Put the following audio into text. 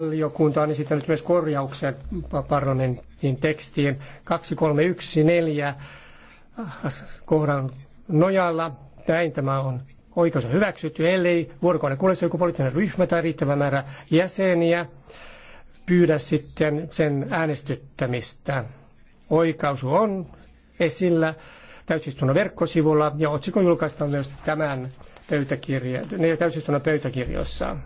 Valiokunta on esittänyt myös korjauksen parlamentin tekstiin 2314 kohdan nojalla. Näin tämä on oikeus on hyväksytty, ellei vuorokauden kuluessa joku poliittinen ryhmä tai riittävä määrä jäseniä pyydä sitten sen äänestyttämistä. Oikaisu on esillä täysistunnon verkkosivulla ja otsikko julkaistaan myös tämän pöytäkirja, täysistunnon pöytäkirjossa.